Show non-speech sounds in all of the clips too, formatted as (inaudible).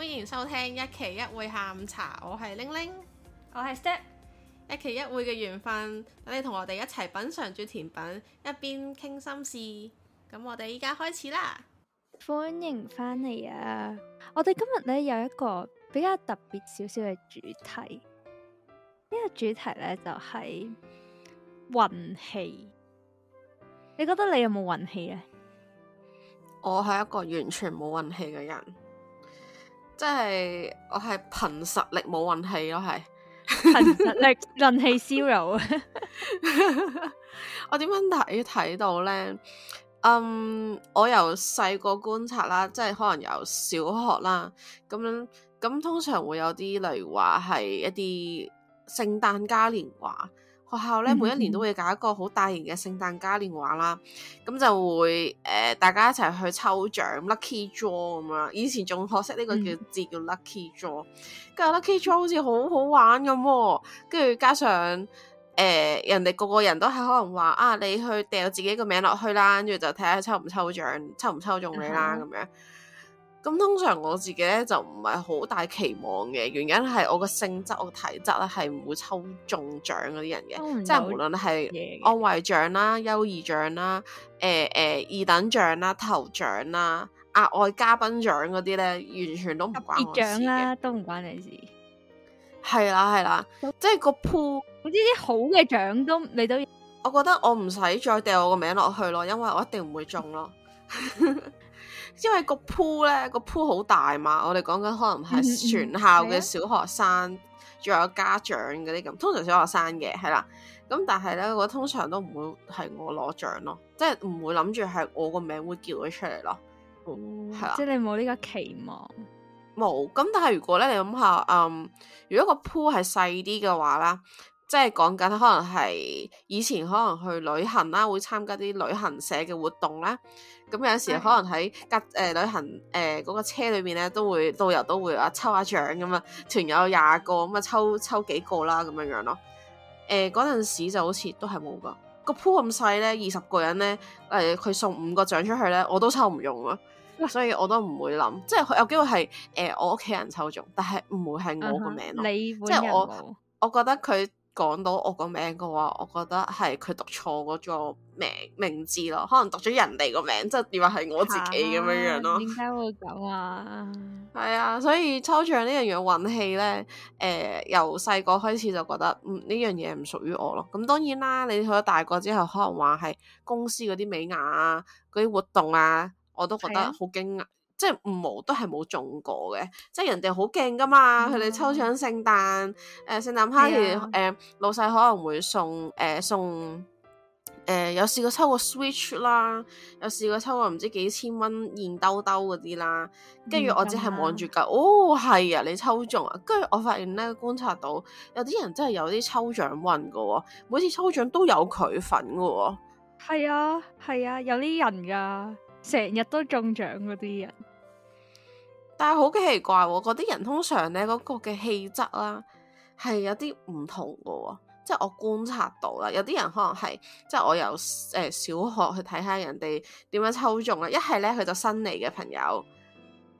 歡迎收聽一期一會下午茶，我係玲玲，我係 Step，一期一會嘅緣分，等你同我哋一齊品嘗住甜品，一邊傾心事。咁我哋依家開始啦，歡迎翻嚟啊！我哋今日咧有一個比較特別少少嘅主題，呢個主題咧就係運氣。你覺得你有冇運氣啊？我係一個完全冇運氣嘅人。即係我係憑實力冇運氣咯，係憑 (laughs) 實力運氣 zero 啊！ (laughs) (laughs) 我點樣睇，睇到咧？嗯、um，我由細個觀察啦，即係可能由小學啦，咁樣咁通常會有啲例如話係一啲聖誕嘉年華。學校咧、嗯、哼每一年都會搞一個好大型嘅聖誕嘉年華啦，咁就會誒、呃、大家一齊去抽獎 lucky draw 咁啦。以前仲學識呢個叫字、嗯、叫 lucky draw，跟 lucky draw 好似好好玩咁、哦，跟住加上誒、呃、人哋個個人都係可能話啊，你去掉自己個名落去啦，跟住就睇下抽唔抽獎，抽唔抽中你啦咁、嗯、哼樣。咁通常我自己咧就唔係好大期望嘅，原因係我個性質、我體質咧係唔會抽中獎嗰啲人嘅，即係無論係安慰獎啦、優異獎啦、誒、呃、誒二等獎啦、頭獎啦、額外嘉賓獎嗰啲咧，完全都唔關我的事嘅。獎啦，都唔關你事。係啦，係啦，嗯、即係個 pool，嗰啲好嘅獎都你都，我覺得我唔使再掉我個名落去咯，因為我一定唔會中咯。 (laughs) 因為個鋪咧，個鋪好大嘛，我哋講緊可能係全校嘅小學生，仲、嗯、有家長嗰啲咁，嗯、通常小學生嘅係啦。咁但係咧，我通常都唔會係我攞獎咯，即係唔會諗住係我個名會叫咗出嚟咯。哦、嗯，係啦，即係你冇呢個期望。冇。咁但係如果咧，你諗下，嗯，如果個鋪係細啲嘅話咧。即係講緊，可能係以前可能去旅行啦，會參加啲旅行社嘅活動啦。咁、嗯、有時可能喺吉誒旅行誒嗰、呃那個車裏面咧，都會導遊都會啊抽下、啊、獎咁啊，團友廿個咁啊，抽抽幾個啦咁樣樣咯。誒嗰陣時就好似都係冇㗎個鋪咁細咧，二十個人咧誒，佢、呃、送五個獎出去咧，我都抽唔用咯，所以我都唔會諗，啊、即係佢有機會係誒、呃、我屋企人抽中，但係唔會係我個名咯，即係、嗯、我我覺得佢。講到我個名嘅話，我覺得係佢讀錯嗰個名名字咯，可能讀咗人哋個名，即係以為係我自己咁樣樣咯。點解會咁啊？係啊, (laughs) 啊，所以抽獎呢樣嘢運氣咧，誒、呃，由細個開始就覺得呢樣嘢唔屬於我咯。咁當然啦，你去咗大個之後，可能話係公司嗰啲尾牙啊，嗰啲活動啊，我都覺得好驚訝。即係唔冇都係冇中過嘅，即係人哋好勁噶嘛，佢哋 (laughs) 抽獎聖誕，誒、嗯哼呃、聖誕 party，誒、啊呃、老細可能會送，誒、呃、送，誒、呃、有試過抽過 Switch 啦，有試過抽過唔知幾千蚊現兜兜嗰啲啦，跟住我只係望住架，哦係啊，你抽中啊，跟住我發現咧觀察到有啲人真係有啲抽獎運噶喎、哦，每次抽獎都有佢份噶喎，係啊係啊，有啲人噶，成日都中獎嗰啲人。 (laughs) (laughs) 但係好奇怪喎、哦，嗰啲人通常咧嗰、嗰個嘅氣質啦，係有啲唔同嘅喎、哦，即係我觀察到啦，有啲人可能係，即係我由誒、呃、小學去睇下人哋點樣抽中啊，一係咧佢就新嚟嘅朋友。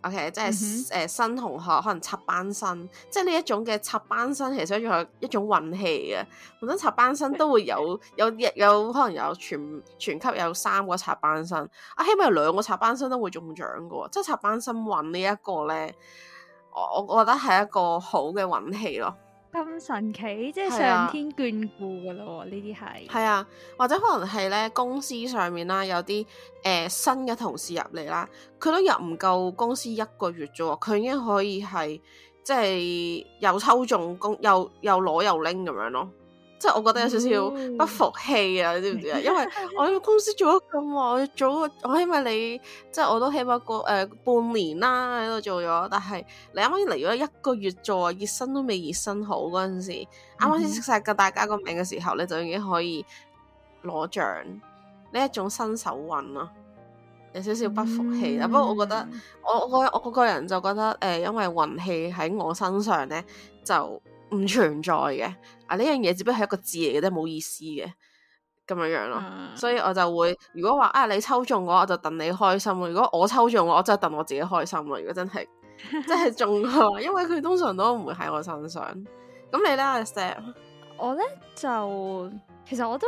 OK，即係誒、呃、新同學可能插班生，即係呢一種嘅插班生，其實仲有一種運氣嘅。本身插班生都會有有有，有，可能有全全級有三個插班生，啊起碼有兩個插班生都會中獎嘅，即係插班生運呢一個咧，我我覺得係一個好嘅運氣咯。咁神奇，即係上天眷顧噶咯。呢啲係係啊，或者可能係咧，公司上面啦，有啲誒、呃、新嘅同事入嚟啦，佢都入唔夠公司一個月啫，佢已經可以係即係又抽中公又又攞又拎嘅咁樣咯。即係我覺得有少少不服氣啊，你、mm hmm. 知唔知啊？因為我喺公司做咗咁耐，做我希望你，即係我都起碼過誒半年啦，喺度做咗，但係你啱啱嚟咗一個月做，熱身都未熱身好嗰陣時，啱啱先識晒個大家個名嘅時候，剛剛你就已經可以攞獎呢一種新手運咯，有少少不服氣啊。不過、mm hmm. 我覺得我我我個人就覺得誒、呃，因為運氣喺我身上咧就唔存在嘅。啊！呢樣嘢只不過係一個字嚟嘅啫，冇意思嘅咁樣樣咯。嗯、所以我就會，如果話啊你抽中我，我就戥你開心；如果我抽中我，話，我就戥我自己開心。如果真係 (laughs) 真係中，因為佢通常都唔會喺我身上。咁你咧 Step？我咧就其實我都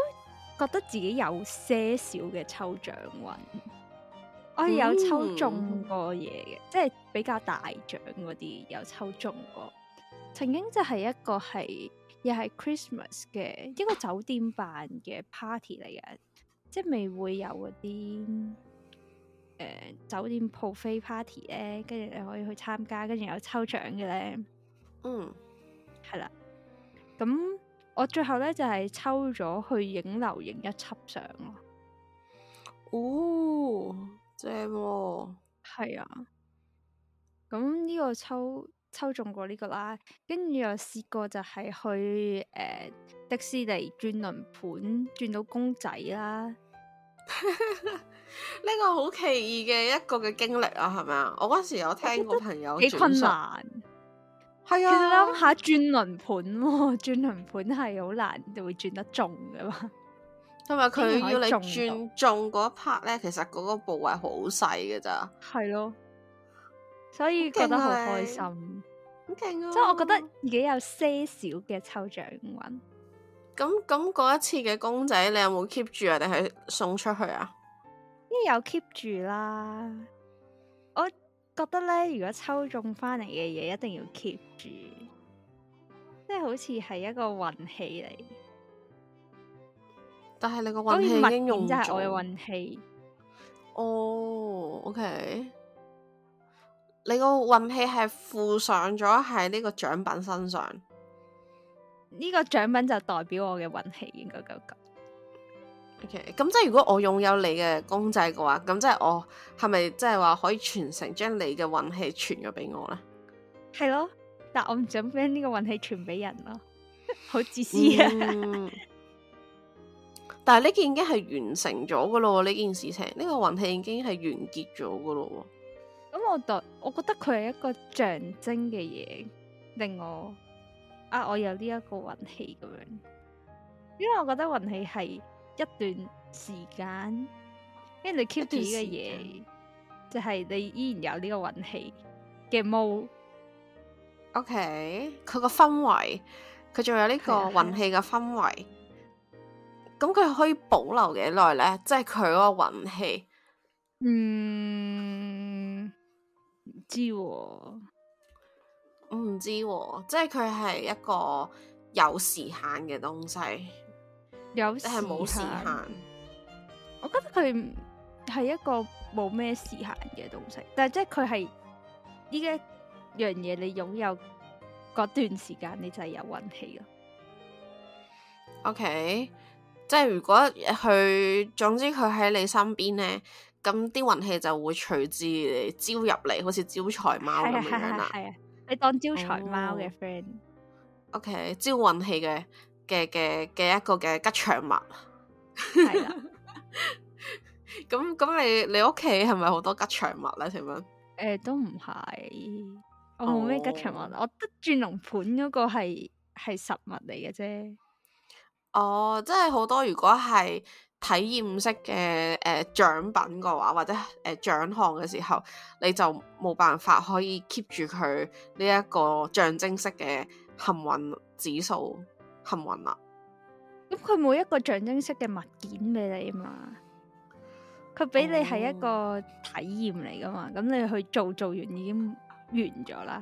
覺得自己有些少嘅抽獎運，我有抽中過嘢嘅，嗯、即係比較大獎嗰啲有抽中過。曾經就係一個係。又係 Christmas 嘅一個酒店辦嘅 party 嚟嘅，即係未會有嗰啲誒酒店 buffet party 咧，跟住你可以去參加，跟住有抽獎嘅咧。嗯，係啦。咁我最後咧就係、是、抽咗去影樓影一輯相咯。哦，正喎，哦。係啊。咁呢個抽。抽中過呢個啦，跟住又試過就係去誒、呃、迪士尼轉輪盤，轉到公仔啦，呢 (laughs) 個好奇異嘅一個嘅經歷啊，係咪啊？我嗰時有聽過朋友轉，幾困難。係啊，你諗下轉輪盤，轉輪盤係好難就會轉得中噶嘛。同埋佢要你轉中嗰一 part 咧，其實嗰個部位好細噶咋。係咯。所以覺得好開心，好勁啊！即係我覺得幾有些少嘅抽獎運。咁咁嗰一次嘅公仔，你有冇 keep 住啊？定係送出去啊？有 keep 住啦，我覺得咧，如果抽中翻嚟嘅嘢，一定要 keep 住，即係好似係一個運氣嚟。但係你運氣個運氣已用即係我嘅運氣。哦、oh，OK。你個運氣係附上咗喺呢個獎品身上，呢個獎品就代表我嘅運氣應該咁講。O K，咁即係如果我擁有你嘅公仔嘅話，咁即係我係咪即係話可以傳承將你嘅運氣傳咗俾我咧？係咯，但我唔想將呢個運氣傳俾人咯，好自私啊！嗯、 (laughs) 但係呢件已經係完成咗噶咯，呢件事情，呢、這個運氣已經係完結咗噶咯。咁我代，我覺得佢係一個象徵嘅嘢，令我啊，我有呢一個運氣咁樣，因為我覺得運氣係一段時間，因為你 keep 住嘅嘢，就係你依然有呢個運氣嘅 mood。O K，佢個氛圍，佢仲有呢個運氣嘅氛圍，咁佢可以保留幾耐咧？即係佢嗰個運氣，嗯。知我，我唔知，即係佢係一個有時限嘅東西，有時限，但係冇時限。我覺得佢係一個冇咩時限嘅東西，但係即係佢係呢一樣嘢，你擁有嗰段時間，你就係有運氣咯。OK，即係如果佢，總之佢喺你身邊咧。咁啲運氣就會隨之你招入嚟，好似招財貓咁樣啦、啊。係啊，係啊，係啊你當招財貓嘅 friend。O、oh. K，、okay, 招運氣嘅嘅嘅嘅一個嘅吉祥物。係 (laughs) 啊。咁咁， (laughs) 你你屋企係咪好多吉祥物咧？請問？誒、呃，都唔係，我冇咩吉祥物。Oh. 我得轉龍盤嗰個係係實物嚟嘅啫。哦，oh, 即係好多，如果係。體驗式嘅誒獎品嘅話，或者誒獎項嘅時候，你就冇辦法可以 keep 住佢呢一個象徵式嘅幸運指數幸運啦。咁佢冇一個象徵式嘅物件俾你嘛，佢俾你係一個體驗嚟噶嘛，咁、oh. 你去做做完已經完咗啦。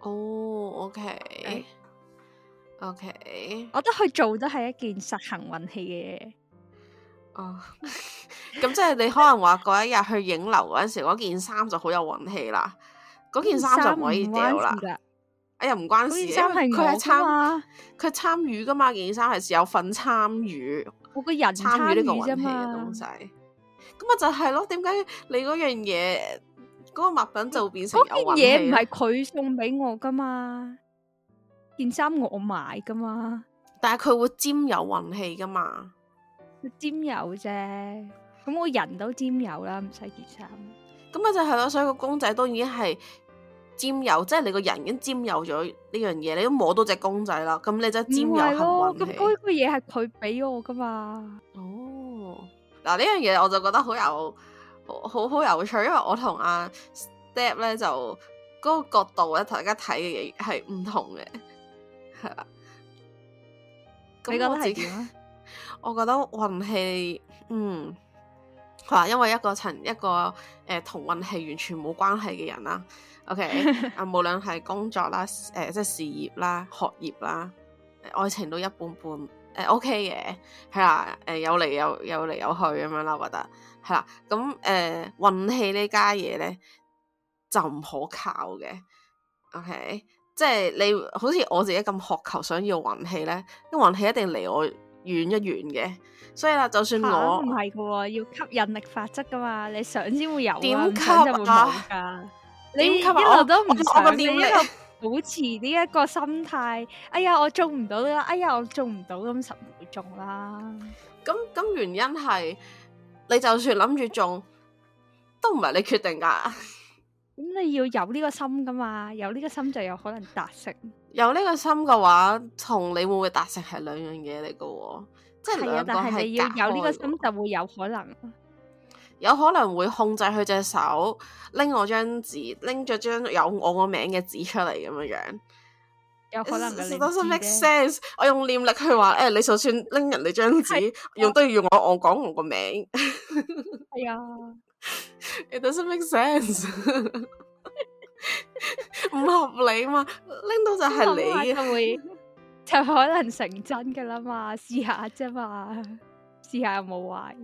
哦、oh, OK。Okay. O Okay . K，我覺得去做都係一件實行運氣嘅嘢。哦，咁即係你可能話嗰一日去影樓嗰陣時，嗰 (laughs) 件衫就好、哎、有運氣啦。嗰件衫就唔可以掉啦。哎呀，唔關事，佢係參，佢係嘛參與噶嘛。件衫係有份參與，我個人參與呢個運氣嘅東西。咁啊，就係咯。點解你嗰樣嘢嗰個物品就會變成有運氣？嗰件嘢唔係佢送俾我噶嘛？件衫我買噶嘛，但係佢會佔有運氣噶嘛，佔有啫。咁我人都佔有啦，唔使件衫。咁咪就係咯，所以個公仔都已經係佔有，即係你個人已經佔有咗呢樣嘢，你都摸到隻公仔啦。咁你就佔有幸運氣。咁嗰個嘢係佢俾我噶嘛？哦，嗱呢樣嘢我就覺得好有好好，好有趣，因為我同阿 Step 咧，就嗰個角度咧，同大家睇嘅嘢係唔同嘅。係啦，你覺得係點？ (laughs) 我覺得運氣，嗯，係因為一個陳，一個誒同運氣完全冇關係嘅人啦。 (laughs) OK，啊，無論係工作啦，誒、呃，即係事業啦、學業啦、愛情都一般般。誒、呃、OK 嘅，係啦，誒、呃，有嚟，有有嚟有去咁樣啦，我覺得係啦。咁誒，運、嗯、氣、呃、呢家嘢咧，就唔可靠嘅，OK。即係你好似我自己咁渴求想要運氣咧，啲運氣一定離我遠一遠嘅，所以啦，就算我唔係噶，要吸引力法則噶嘛，你想先會有、啊，唔想就會冇噶。吸你一路都唔想，我我我我你一路保持呢一個心態。哎呀，我中唔到啦，哎呀，我中唔到，咁實唔會中啦。咁咁原因係你就算諗住中，都唔係你決定噶。咁你要有呢個心噶嘛？有呢個心就有可能達成。有呢個心嘅話，同你會唔會達成係兩樣嘢嚟噶？即係兩個係。但係你要有呢個心就會有可能，有可能會控制佢隻手拎我張紙，拎咗張有我個名嘅紙出嚟咁樣樣。有可能。咁都係 make sense。我用念力去話誒、欸，你就算拎人哋張紙， (laughs) 用都要用我我講我個名。係 (laughs) 啊。 (laughs) It doesn't make sense，唔 (laughs) 合理嘛，拎到就係你會，就可能成真噶啦嘛，試下啫嘛，試下有冇壞。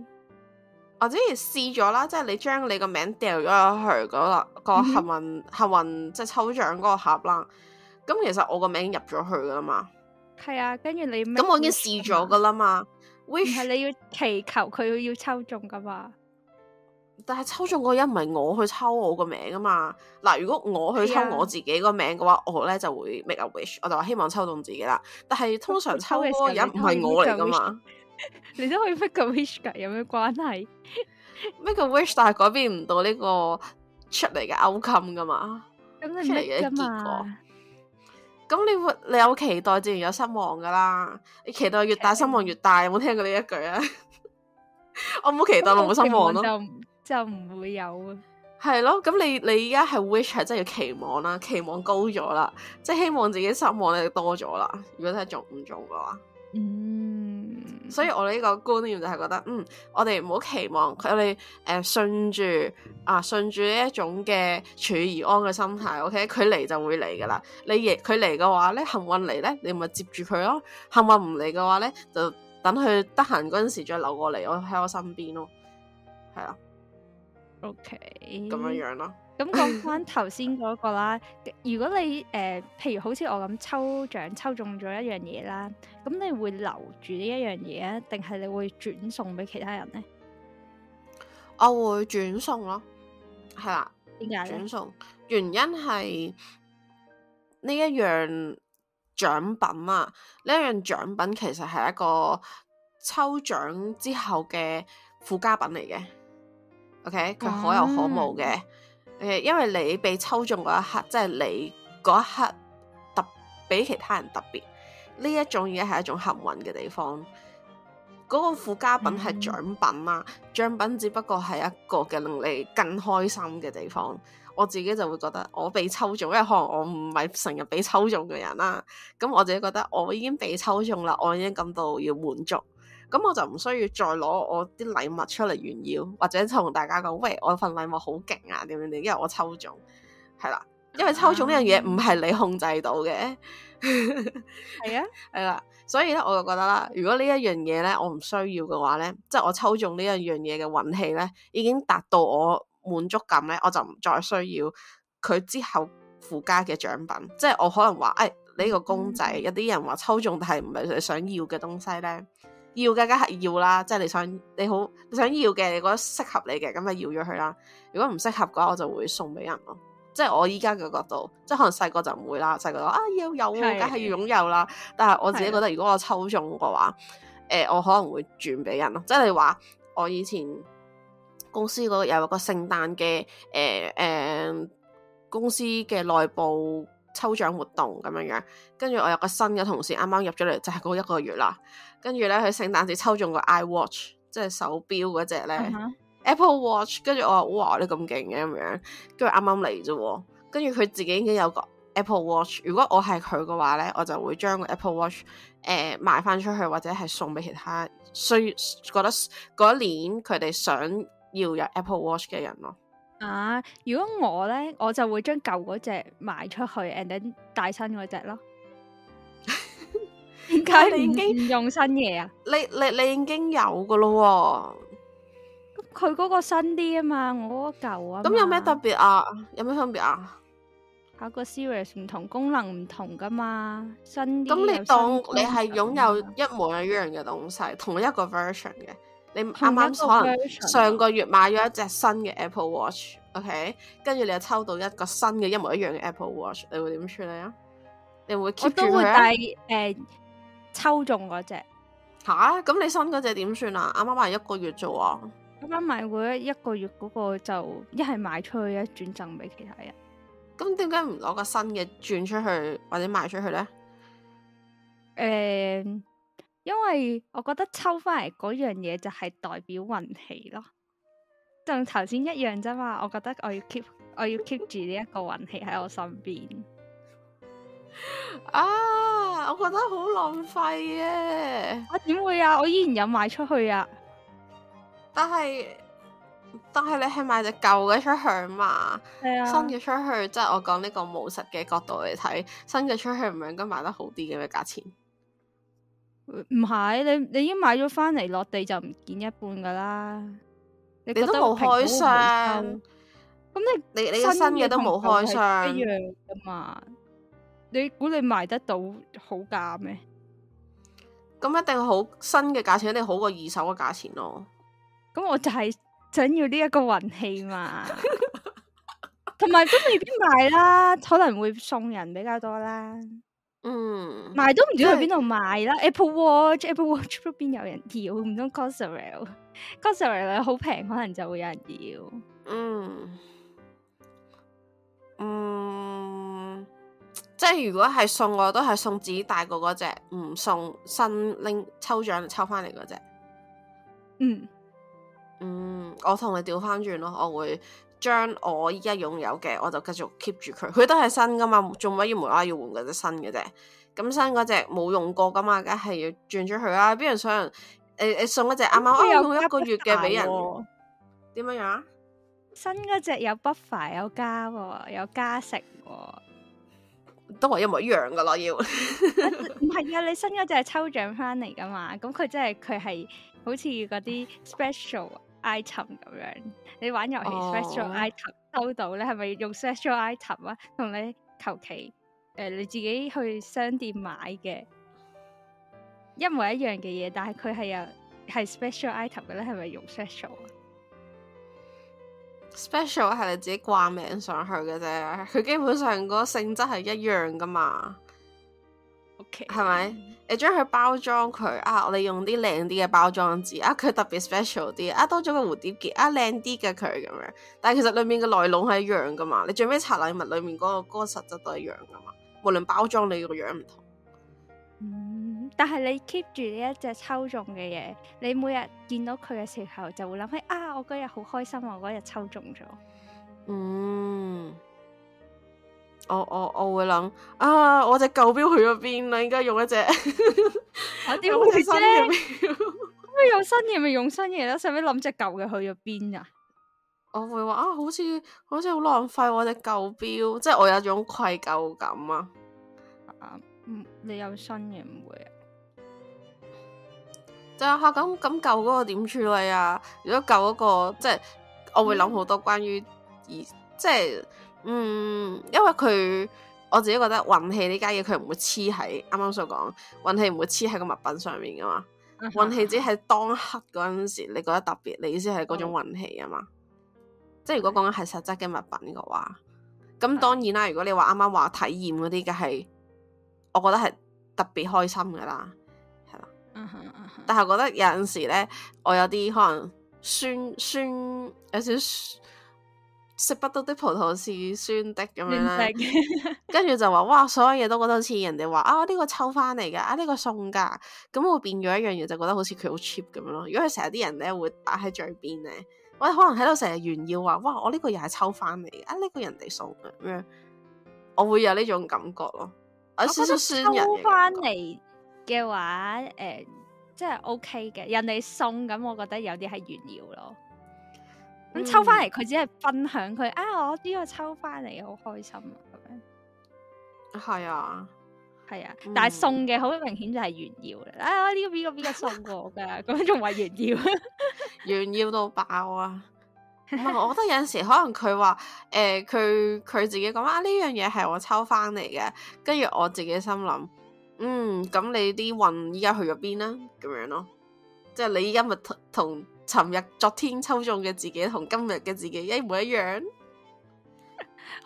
或者之前試咗啦，即係你將你名，那個名掉咗入去嗰個個幸運幸運即係抽獎嗰個盒啦。咁其實我個名入咗去噶啦嘛。係 (noise) 啊，跟住你咁，啊、我已經試咗噶啦嘛，唔係你要祈求佢要抽中噶嘛？但係抽中嗰人唔係我去抽我個名噶嘛？嗱，如果我去抽我自己個名嘅話，Yeah. 我咧就會 make a wish，我就話希望抽中自己啦。但係通常抽嘅個人唔係我嚟噶嘛？ (laughs) 你都可以 make a wish 噶，有咩關係？make a wish，但係改變唔到呢個出嚟嘅 outcome 噶嘛？咁出嚟嘅結果。咁你會你有期待，自然有失望噶啦。你期待越大，失望越大，越大有冇聽過呢一句啊？ (laughs) 我唔好期待， (laughs) 我冇失望咯。就唔會有啊，係咯，咁你你依家係 wish 係真要期望啦，期望高咗啦，即係希望自己失望咧就多咗啦。如果真係做唔做嘅話，嗯，所以我哋呢個觀念就係覺得，嗯，我哋唔好期望佢，我哋誒順住啊順住呢一種嘅處而安嘅心態，OK，佢嚟就會嚟噶啦。你亦佢嚟嘅話咧，幸運嚟咧，你咪接住佢咯。幸運唔嚟嘅話咧，就等佢得閒嗰陣時再留過嚟我喺我身邊咯，係啊。OK，咁樣樣咯。咁講翻頭先嗰個啦，如果你誒、呃，譬如好似我咁抽獎抽中咗一樣嘢啦，咁你會留住呢一樣嘢啊，定係你會轉送俾其他人呢？我會轉送咯，係啦。點解？轉送原因係呢一樣獎品啊！呢一樣獎品其實係一個抽獎之後嘅附加品嚟嘅。OK，佢可有可無嘅，誒、okay？因為你被抽中嗰一刻，即係你嗰一刻特比其他人特別，呢一種嘢係一種幸運嘅地方。嗰、嗰個附加品係獎品啦、啊，獎、嗯、品只不過係一個嘅令你更開心嘅地方。我自己就會覺得我被抽中，因為可能我唔係成日被抽中嘅人啦。咁我自己覺得我已經被抽中啦，我已經感到要滿足。咁我就唔需要再攞我啲禮物出嚟炫耀，或者同大家講喂，我份禮物好勁啊，點點點，因為我抽中係啦，因為抽中呢樣嘢唔係你控制到嘅，係 (laughs) 啊的，係啦，所以咧我就覺得啦，如果呢一樣嘢咧我唔需要嘅話咧，即係我抽中呢一樣嘢嘅運氣咧，已經達到我滿足感咧，我就唔再需要佢之後附加嘅獎品，即係我可能話誒呢個公仔，嗯、有啲人話抽中，但係唔係佢想要嘅東西咧。要嘅梗係要啦，即係你想你好你想要嘅，你覺得適合你嘅，咁咪要咗佢啦。如果唔適合嘅話，我就會送俾人咯。即係我依家嘅角度，即係可能細個就唔會啦。細個話啊要有，梗係的要擁有啦。但係我自己覺得，的如果我抽中嘅話，誒、呃，我可能會轉俾人咯。即係你話我以前公司嗰度有個聖誕嘅誒誒公司嘅內部抽獎活動咁樣樣，跟住我有個新嘅同事啱啱入咗嚟，就係、是、嗰一個月啦。跟住咧，佢聖誕節抽中個 iWatch，即係手錶嗰隻咧，Apple Watch。跟住我話哇，你咁勁嘅咁樣，跟住啱啱嚟啫。跟住佢自己已經有個 Apple Watch。如果我係佢嘅話咧，我就會將個 Apple Watch 誒賣翻出去，或者係送俾其他所以覺得嗰一年佢哋想要有 Apple Watch 嘅人咯。啊，uh, 如果我咧，我就會將舊嗰隻賣出去，and then, 帶新嗰隻咯。點解你已經唔用新嘢啊？你你你已經有噶咯，咁佢嗰個新啲啊嘛，我嗰舊啊。咁有咩特別啊？有咩分別啊？搞個 series 唔同功能唔同噶嘛，新啲。咁你當你係擁有一模一樣嘅東西，同，東西同一個 version 嘅，你啱啱可能上個月買咗一隻新嘅 Apple Watch，OK，、okay? 跟住你又抽到一個新嘅一模一樣嘅 Apple Watch，你會點處理啊？你會 keep 我都會帶誒。呃抽中嗰隻吓，咁你新嗰隻點算啊？啱啱買一個月做啊，啱啱買會一一個月嗰個就一係賣出去，一轉贈俾其他人。咁點解唔攞個新嘅轉出去或者賣出去呢？誒、嗯，因為我覺得抽翻嚟嗰樣嘢就係代表運氣咯，就頭先一樣啫嘛。我覺得我要 keep 我要 keep 住呢一個運氣喺我身邊。 (laughs) 啊！我覺得好浪費啊！啊，點會啊？我依然有賣出去啊！但係但係你係賣隻舊嘅出去嘛？係啊，新嘅出去，即係我講呢個務實嘅角度嚟睇，新嘅出去唔應該賣得好啲嘅價錢？唔係，你你已經買咗翻嚟落地就唔見一半噶啦，你哋都冇開箱。咁你你你新嘅都冇開箱一樣噶嘛？你估你賣得到好價咩？咁一定好，新嘅價錢一定好過二手嘅價錢咯。咁我就係想要呢一個運氣嘛。同埋 (laughs) (laughs) 都未必賣啦，可能會送人比較多啦。嗯，賣都唔知去邊度賣啦。的 Apple Watch，Apple Watch 邊有人要？唔通 Costa Real，Costa Real 好平，可能就會有人要。嗯，嗯。即係如果係送我都係送自己大個嗰隻，唔送新拎，抽獎抽翻嚟嗰隻。嗯嗯，我同你調翻轉咯，我會將我依家擁有嘅，我就繼續 keep 住佢。佢都係新噶嘛，仲乜要無啦啦要換嗰隻新嘅啫？咁新嗰隻冇用過噶嘛，梗係要轉咗佢啦。邊人想誒誒送一隻啱啱用一個月嘅俾人？點乜、哦、樣？新嗰隻有 buff、er, 哦，有加、哦，有加成、哦。都係一模一樣噶啦，要唔係啊？你新嗰隻係抽獎翻嚟噶嘛？咁佢即係佢係好似嗰啲 special item 咁樣。你玩遊戲 special item、哦、收到咧，係咪用 special item 啊？同你求其誒你自己去商店買嘅一模一樣嘅嘢，但係佢係有係 special item 嘅咧，係咪用 special 啊？special 係你自己掛名上去嘅啫，佢基本上個性質係一樣噶嘛，OK 係咪？你將佢包裝佢啊，你用啲靚啲嘅包裝紙啊，佢特別 special 啲啊，多咗個蝴蝶結啊，靚啲嘅佢咁樣，但係其實裏面嘅內籠係一樣噶嘛，你最尾拆禮物裏面嗰個嗰個實質都係一樣噶嘛，無論包裝你個樣唔同。但係你 keep 住呢一隻抽中嘅嘢，你每日見到佢嘅時候，就會諗起啊，我嗰日好開心、嗯、啊，我嗰日抽中咗。嗯，我 (laughs) 我我會諗啊，我隻舊錶去咗邊啊？而家用一隻有啲好新嘅錶，有新嘢咪用新嘢咯，使唔使諗隻舊嘅去咗邊啊？我會話啊，好似好似好浪費我隻舊錶，即係我有種愧疚感啊。啊你有新嘅唔會啊？就吓咁咁舊嗰個點處理啊？如果舊嗰、嗰個即係，我會諗好多關於、嗯、而即係，嗯，因為佢我自己覺得運氣呢家嘢佢唔會黐喺啱啱所講運氣唔會黐喺個物品上面噶嘛，運氣、嗯、哼只係當刻嗰陣時你覺得特別，你意思係嗰種運氣啊嘛。嗯、即係如果講緊係實質嘅物品嘅話，咁當然啦。如果你話啱啱話體驗嗰啲嘅係，我覺得係特別開心噶啦。但係我覺得有陣時咧，我有啲可能酸酸，有少少食不到啲葡萄似酸的咁樣，跟住食就話哇，所有嘢都覺得好似人哋話啊，呢、這個抽翻嚟嘅，啊呢、這個送噶，咁會變咗一樣嘢，就覺得好似佢好 cheap 咁樣咯。如果佢成日啲人咧會打喺嘴邊咧，喂，可能喺度成日炫耀話哇，我呢個又係抽翻嚟啊呢、這個人哋送嘅咁樣，我會有呢種感覺咯。啊、少少酸人覺我覺得抽翻嚟，嘅話誒、呃，即係 O K 嘅，人哋送咁，我覺得有啲係炫耀咯。咁、嗯、抽翻嚟，佢只係分享佢啊！我呢個抽翻嚟，好開心啊！咁樣係啊，係、嗯、啊，但係送嘅好明顯就係炫耀啦！啊，呢個邊個邊個送過我噶？咁樣仲話炫耀，炫耀到爆啊！唔係、 (laughs) 嗯，我覺得有陣時可能佢話誒，佢、呃、佢自己講啊，呢樣嘢係我抽翻嚟嘅，跟住我自己心諗。 (laughs) 嗯，咁你啲運依家去咗邊啦？咁樣咯，即係你依家咪同同尋日、昨天抽中嘅自己同今日嘅自己一模一樣？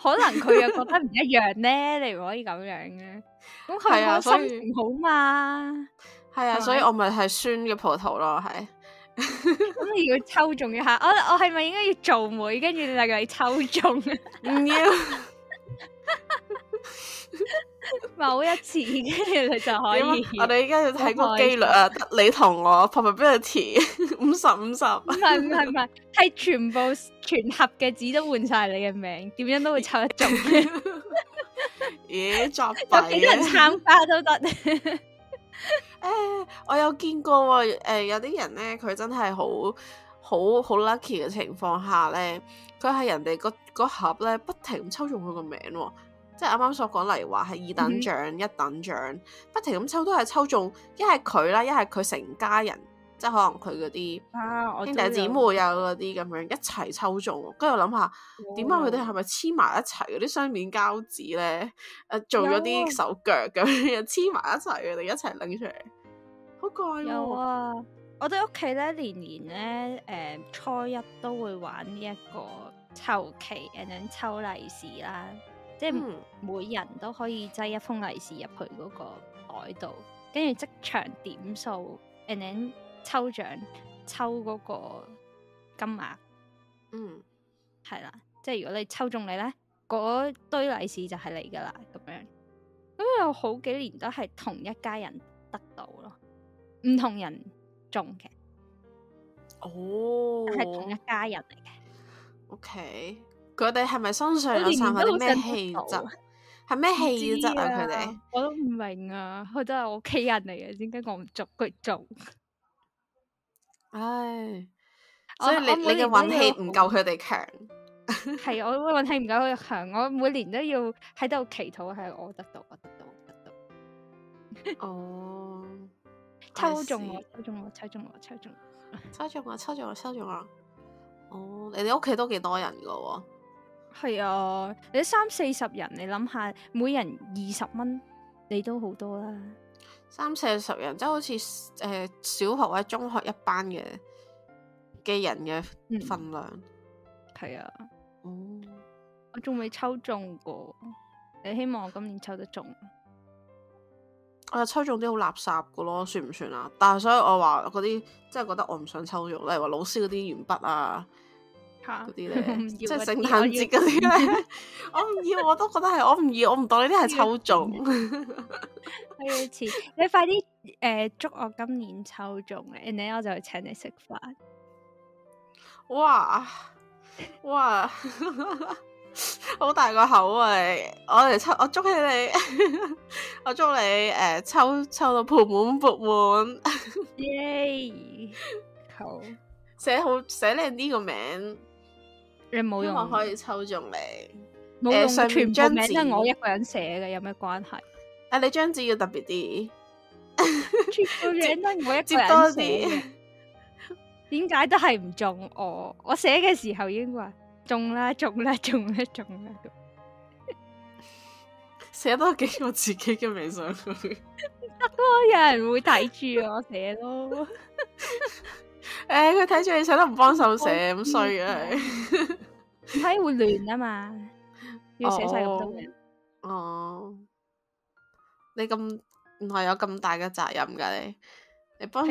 可能佢又覺得唔一樣咧，你唔可以咁樣嘅。咁佢心情好嘛？係啊，所以我咪係酸嘅葡萄咯，係。咁你如果抽中一下，我我係咪應該要做媒，跟住令你抽中？唔要。 (laughs) 某一次嘅你就可以，我哋而家要睇個機率啊！得你同我 Probability 五十五十，唔係唔係唔係，係 (laughs) 全部全盒嘅紙都換晒你嘅名，點樣都會抽得中咦？作弊、啊，有幾多人參加都得？誒 (laughs) 、欸，我有見過誒、哦，有啲人咧，佢真係好好好 lucky 嘅情況下咧，佢係人哋、個嗰盒咧不停抽中佢個名。即係啱啱所講，例如話係二等獎、一等獎、嗯哼，不停咁抽，都係抽中一係佢啦，一係佢成家人，即係可能佢嗰啲兄弟姊妹啊嗰啲咁樣一齊抽中，跟住我諗下，點解佢哋係咪黐埋一齊嗰啲雙面膠紙咧？誒、啊，做咗啲手腳咁樣黐埋一齊佢哋一齊拎出嚟，好怪、哦。有啊，我哋屋企咧年年咧，誒、呃、初一都會玩呢、這、一個抽旗，跟住抽利是。啦。即係每人都可以擠一封利是入去嗰個袋度，跟住即場點數 and then 抽獎抽嗰個金額。嗯，係啦，即係如果你抽中你咧，嗰堆利是就係你噶啦咁樣。咁有好幾年都係同一家人得到咯，唔同人中嘅。哦，係同一家人嚟嘅。OK。佢哋係咪身上有散發啲咩氣質？係咩氣質啊？佢哋我都唔明啊！佢都係我屋企人嚟嘅，點解我唔做佢做？唉，所以你你嘅運氣唔夠佢哋強。係我運氣唔夠佢強，我每年都要喺度祈禱，係我得到，我得到，得到。哦，抽中我，抽中我，抽中我，抽中，抽中我，抽中我，抽中我。哦，你哋屋企都幾多人噶？係啊，你三四十人，你諗下，每人二十蚊，你都好多啦。三四十人，即係好似誒、呃，小學或者中學一班嘅嘅人嘅份量。係、嗯、啊，哦、嗯，我仲未抽中過，你希望我今年抽得中。我就抽中啲好垃圾嘅咯，算唔算啊？但係，所以我話嗰啲，即係覺得我唔想抽中，例如話老師嗰啲鉛筆啊。啲咧， (music) 即係聖誕節嗰啲咧，我唔要， (laughs) 要，我都覺得係我唔要，我唔當呢啲係抽中。你快啲誒、呃、祝我今年抽中 and then 我就去請你食飯。哇哇，好 (laughs) (laughs) (laughs) 大個口啊！我嚟抽，我祝你，我祝你誒抽抽到盆滿缽滿。耶 (laughs) 好！寫好寫好寫靚啲個名。你冇用，我可以抽中你。冇用，全張紙係我一個人寫嘅，有咩關係？啊，你張紙要特別啲，全部都係我一個人寫。點解都係唔中我？我寫嘅時候已經話中啦，中啦，中啦，中啦。寫多幾個自己嘅微信，得咯，有人會睇住我寫咯。誒，佢睇住你寫都唔幫手寫咁衰嘅，睇會亂啊嘛，要寫晒咁多人。哦、oh. oh.。你咁唔係有咁大嘅責任噶？你你幫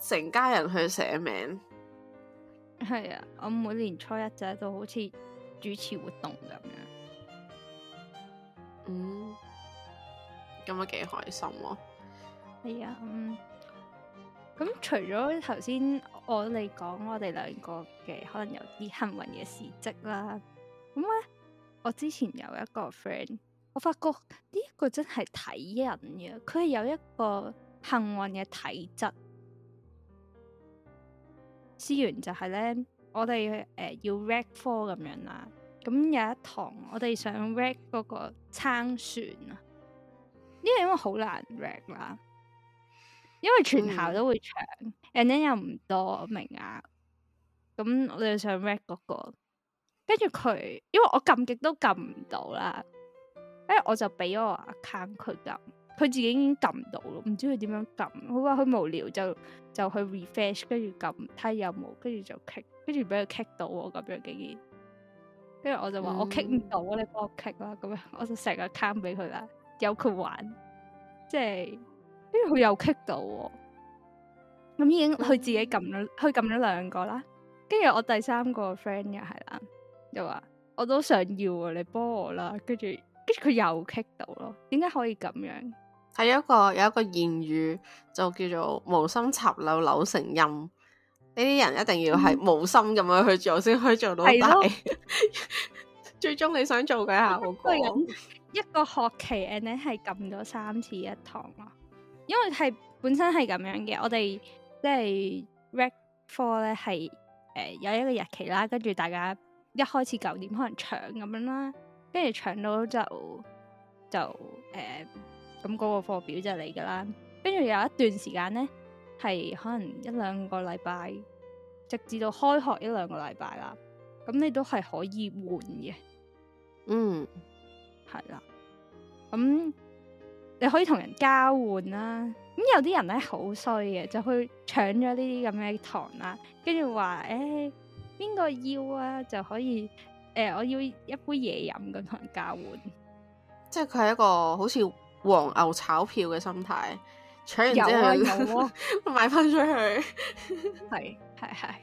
成家人去寫名，係啊，我每年初一就都好似主持活動咁樣，嗯，今日幾開心喎，係啊，嗯。咁、嗯、除咗頭先我哋講，我哋兩個嘅可能有啲幸運嘅事蹟啦。咁咧，我之前有一個 friend，我發覺呢個真係睇人嘅，佢係有一個幸運嘅體質。事源就係咧，我哋誒、呃、要 reg 科咁樣啦。咁有一堂我哋想 reg 嗰個撐船啊，呢個因為好難 reg 啦。因為全校都會搶、嗯、，and then 又唔多名額，咁我哋想 rap 嗰個，跟住佢，因為我撳極都撳唔到啦，誒我就俾我 account 佢撳，佢自己已經撳到咯，唔知佢點樣撳，好話佢無聊就就去 refresh，跟住撳睇下有冇，跟住就 kick，跟住俾佢 kick 到我咁樣竟然，跟住我就話我 kick 唔到，嗯、你幫我 kick 啦，咁樣我就成個 account 俾佢啦，由佢玩，即係。跟、欸、住佢又 click 到，咁已經佢自己撳咗，佢撳咗兩個啦。跟住我第三個 friend 又係啦，又話我都想要啊，你幫我啦。跟住跟住佢又 click 到咯，點解可以咁樣？係一個有一個言語就叫做無心插柳柳成蔭，呢啲人一定要係無心咁樣去做先、嗯、可以做到大咯。 (laughs) 最終你想做嘅下，好過。 (laughs) 一個學期，Anne 係撳咗三次一堂咯。因為係本身係咁樣嘅，我哋即係、就是、rec 課咧係誒有一個日期啦，跟住大家一開始九點可能搶咁樣啦，跟住搶到就就誒咁嗰個課表就嚟㗎啦，跟住有一段時間咧係可能一兩個禮拜，直至到開學一兩個禮拜啦，咁你都係可以換嘅、嗯。嗯，係啦，咁。你可以同人交換啦、啊，咁、嗯、有啲人咧好衰嘅，就去搶咗呢啲咁嘅糖啦，跟住話：誒邊個要啊？就可以誒、欸、我要一杯嘢飲咁同人交換。即係佢係一個好似黃牛炒票嘅心態，搶完之後賣翻出去，係係係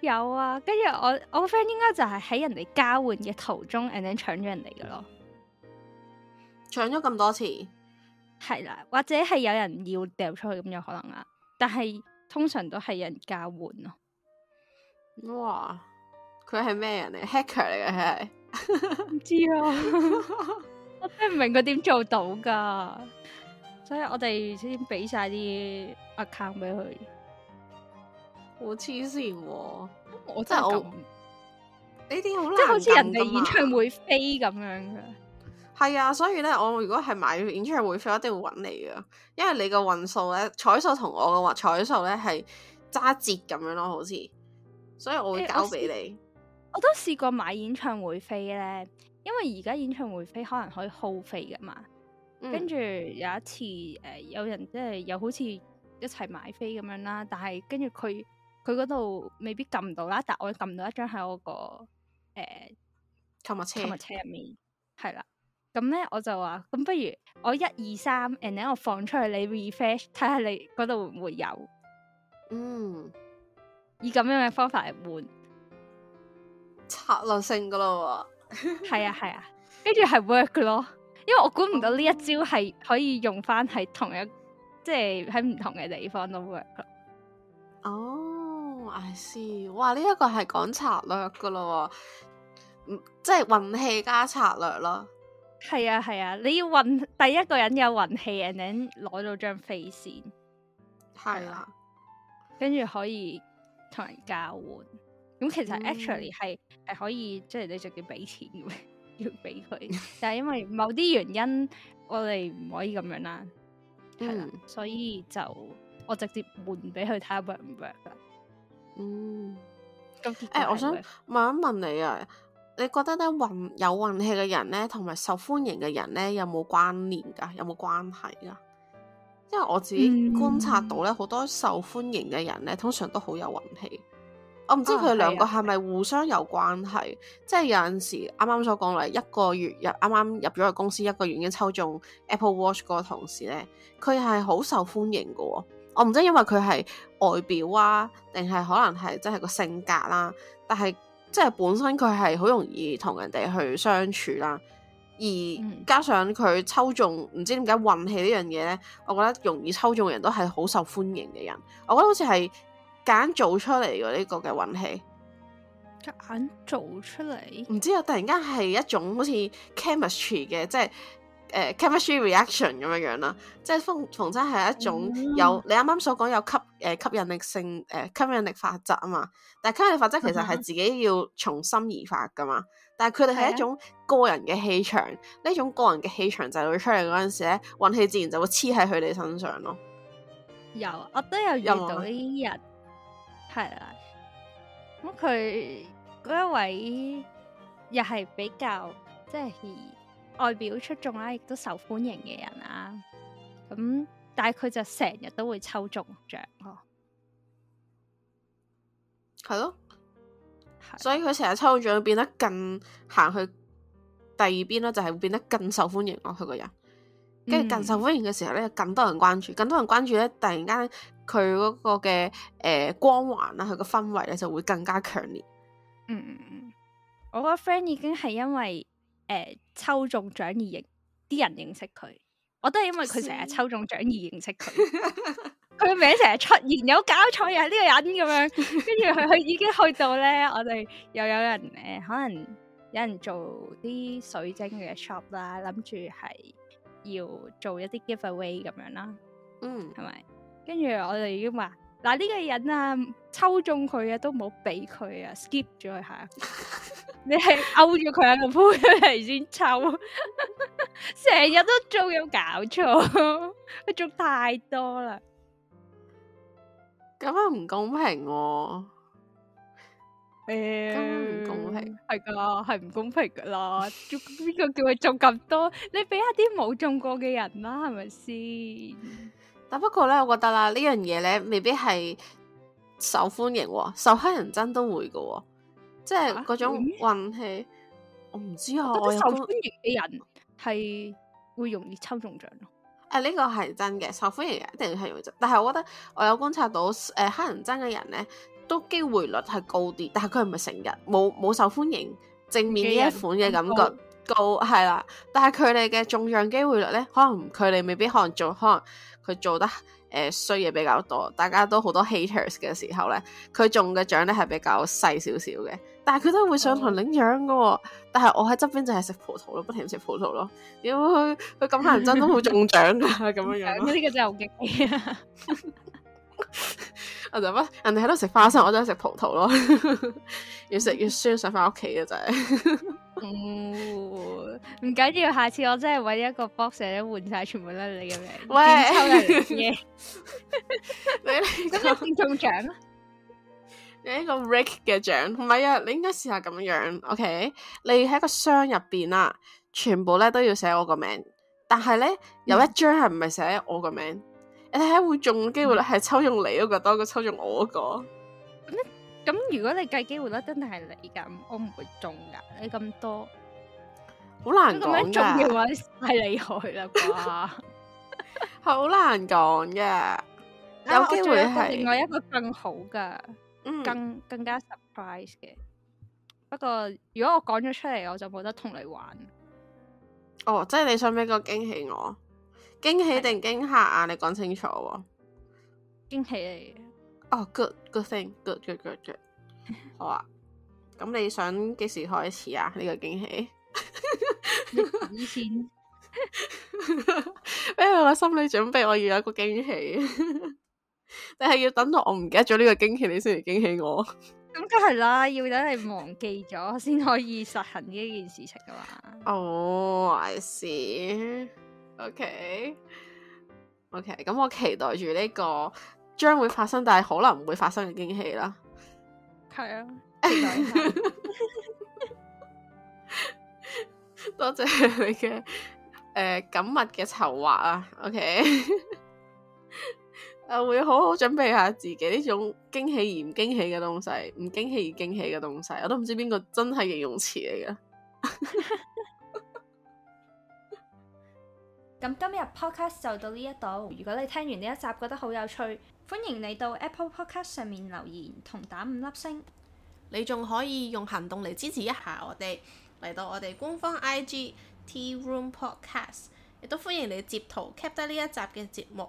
有啊。跟住、啊啊、我我個 friend 應該就係喺人哋交換嘅途中，and then 搶咗人哋嘅咯。搶咗咁多次，係啦，或者係有人要掉出去咁有可能啊，但係通常都係有人交換咯。哇，佢係咩人嚟？Hacker 嚟嘅係唔知啊， (laughs) (laughs) 我聽唔明佢點做到噶。所以我所，我哋先俾晒啲 account 俾佢。好黐線，我真係呢啲好難，即係好似人哋演唱會飛咁樣噶。係啊，所以咧，我如果係買演唱會飛，一定會揾你噶，因為你個運數咧彩數同我嘅話彩數咧係揸折咁樣咯，好似，所以我會交俾你、欸我試。我都試過買演唱會飛咧，因為而家演唱會飛可能可以耗費噶嘛。跟住、嗯、有一次誒、呃，有人即係又好似一齊買飛咁樣啦，但係跟住佢佢嗰度未必撳到啦，但係我撳到一張喺我個誒購物車購物車入面，係啦。咁咧，我就話咁，不如我一二三，and then 我放出去，你 refresh 睇下你嗰度會唔會有？嗯，以咁樣嘅方法嚟換策略性噶啦，係啊係啊，跟住係 work 咯，因為我估唔到呢一招係可以用翻喺同一即係喺唔同嘅地方都 work 哦，I see，哇，呢一個係講策略噶咯，嗯，即係運氣加策略咯。係啊係啊，你要運第一個人有運氣，然後攞到張飛先，係啦、啊，跟住可以同人交換。咁其實 actually 係係可以，即係你直接俾錢嘅， (laughs) 要俾佢。但係因為某啲原因， (laughs) 我哋唔可以咁樣啦、啊，係啦、啊，嗯、所以就我直接換俾佢睇下 work 唔 work 噶。看看嗯，咁、嗯就是、誒，我想問一問你啊。你覺得咧運有運氣嘅人咧，同埋受歡迎嘅人咧，有冇關聯噶？有冇關係噶？因為我自己觀察到咧，好、嗯、多受歡迎嘅人咧，通常都好有運氣。我唔知佢兩個係咪互相有關係？啊啊啊、即係有陣時啱啱所講嚟，一個月入啱啱入咗個公司，一個月已經抽中 Apple Watch 嗰個同事咧，佢係好受歡迎噶、哦。我唔知因為佢係外表啊，定係可能係即係個性格啦、啊，但係。即係本身佢係好容易同人哋去相處啦，而加上佢抽中唔知點解運氣呢樣嘢呢，我覺得容易抽中嘅人都係好受歡迎嘅人，我覺得好似係夾硬做出嚟嘅呢個嘅運氣，夾硬做出嚟，唔知啊，突然間係一種好似 chemistry 嘅，即係。誒、uh, chemistry reaction 咁樣樣啦，即係，逢真係一種有，有、嗯、你啱啱所講有吸誒、呃、吸引力性誒、呃、吸引力法則啊嘛，但係吸引力法則其實係自己要從心而發噶嘛，但係佢哋係一種個人嘅氣場，呢、嗯、種個人嘅氣場就會出嚟嗰陣時咧，運氣自然就會黐喺佢哋身上咯。有我都有遇到呢啲人，係啊，咁佢嗰一位又係比較，即係。外表出眾啦、啊，亦都受歡迎嘅人啦、啊。咁、嗯、但係佢就成日都會抽中獎咯、啊，係咯了。是所以佢成日抽中獎，變得更行去第二邊啦，就係會變得更受歡迎咯、啊。佢個人跟住更受歡迎嘅時候咧，嗯、更多人關注，更多人關注咧，突然間佢嗰個嘅誒、呃、光環啦、啊，佢個氛圍咧就會更加強烈。嗯嗯嗯，我個 friend 已經係因為。誒、呃，抽中獎而認啲人認識佢，我都係因為佢成日抽中獎而認識佢。佢 (laughs) 名成日出現，有搞錯啊呢個人咁樣，跟住佢佢已經去到咧，我哋又有人誒、呃，可能有人做啲水晶嘅 shop 啦，諗住係要做一啲 giveaway 咁樣啦。嗯，係咪？跟住我哋已經話，嗱、呃、呢、呢個人啊，抽中佢啊，都唔好俾佢啊，skip 咗佢下。 (laughs) 你係勾住佢喺度鋪出嚟先抽，成日 (laughs) (laughs) 都做有搞錯，你做太多啦，咁樣唔公平喎、啊。誒、欸，唔公平係噶，係唔公平噶啦，做邊個叫你做咁多？你畀一啲冇做過嘅人啦，係咪先？但不過咧，我覺得啦，樣呢樣嘢咧，未必係受歡迎喎，受黑人憎都會噶。即係嗰種運氣，我唔知啊。我覺得受歡迎嘅人係會容易抽中獎咯。誒、啊、呢、這個係真嘅，受歡迎嘅一定係容易。但係我覺得我有觀察到，誒、呃，乞人憎嘅人咧，都機會率係高啲。但係佢唔係成日冇冇受歡迎正面呢一款嘅感覺高係啦。但係佢哋嘅中獎機會率咧，可能佢哋未必可能做，可能佢做得誒衰嘢比較多。大家都好多 haters 嘅時候咧，佢中嘅獎咧係比較細少少嘅。但係佢都會上台領獎噶，哦、但係我喺側邊就係食葡萄咯，不停食葡萄咯。屌，佢佢咁認真都好中獎噶，咁 (laughs) 樣這樣呢個真係好勁啊！我就乜 (laughs) (laughs) 人哋喺度食花生，我就係食葡萄咯。 (laughs) 越食越酸，想翻屋企啊！真係唔唔緊要，下次我真係搵一個 box 咧換晒全部甩你嘅名，抽嘢，你俾你中獎啊！你一個 Rake 嘅獎，唔係啊，你應該試下咁樣樣，OK？你喺個箱入邊啦，全部咧都要寫我個名，但係咧有一張係唔係寫我個名，你睇下會中機會咧係抽中你嗰個，多過抽中我嗰個。咁咁如果你計機會咧，真係係你噶，我唔會中噶，你咁多好難講噶。咁樣中嘅話你太厲害啦，哇！好難講噶，有機會係另外一個更好噶。更更加 surprise 嘅，不過如果我講咗出嚟，我就冇得同你玩。哦，即係你想俾個驚喜我，驚喜定驚嚇啊？你講清楚。驚喜嚟。哦、oh，good good thing，good good good, good。好啊，咁你想幾時開始啊？呢、這個驚喜。以 (laughs) 前 (laughs) ，因 (laughs) 俾我心理準備，我要有一個驚喜。 (laughs) 你係要等到我唔記得咗呢個驚喜，你先嚟驚喜我？咁梗係啦，要等你忘記咗先可以實行呢件事情噶嘛？哦、oh,，I see，OK，OK，、okay. okay, 咁我期待住呢個將會發生但係可能唔會發生嘅驚喜啦。係啊， (laughs) (laughs) (laughs) 多謝你嘅誒緊密嘅籌劃啊！OK。 (laughs) 我會好好準備下自己呢種驚喜而唔驚喜嘅東西，唔驚喜而驚喜嘅東西，我都唔知邊個真係形容詞嚟嘅。咁 (laughs) (laughs) 今日 podcast 就到呢一度。如果你聽完呢一集覺得好有趣，歡迎你到 Apple Podcast 上面留言同打五粒星。你仲可以用行動嚟支持一下我哋，嚟到我哋官方 IG Tea Room Podcast，亦都歡迎你截圖 keep 得呢一集嘅節目。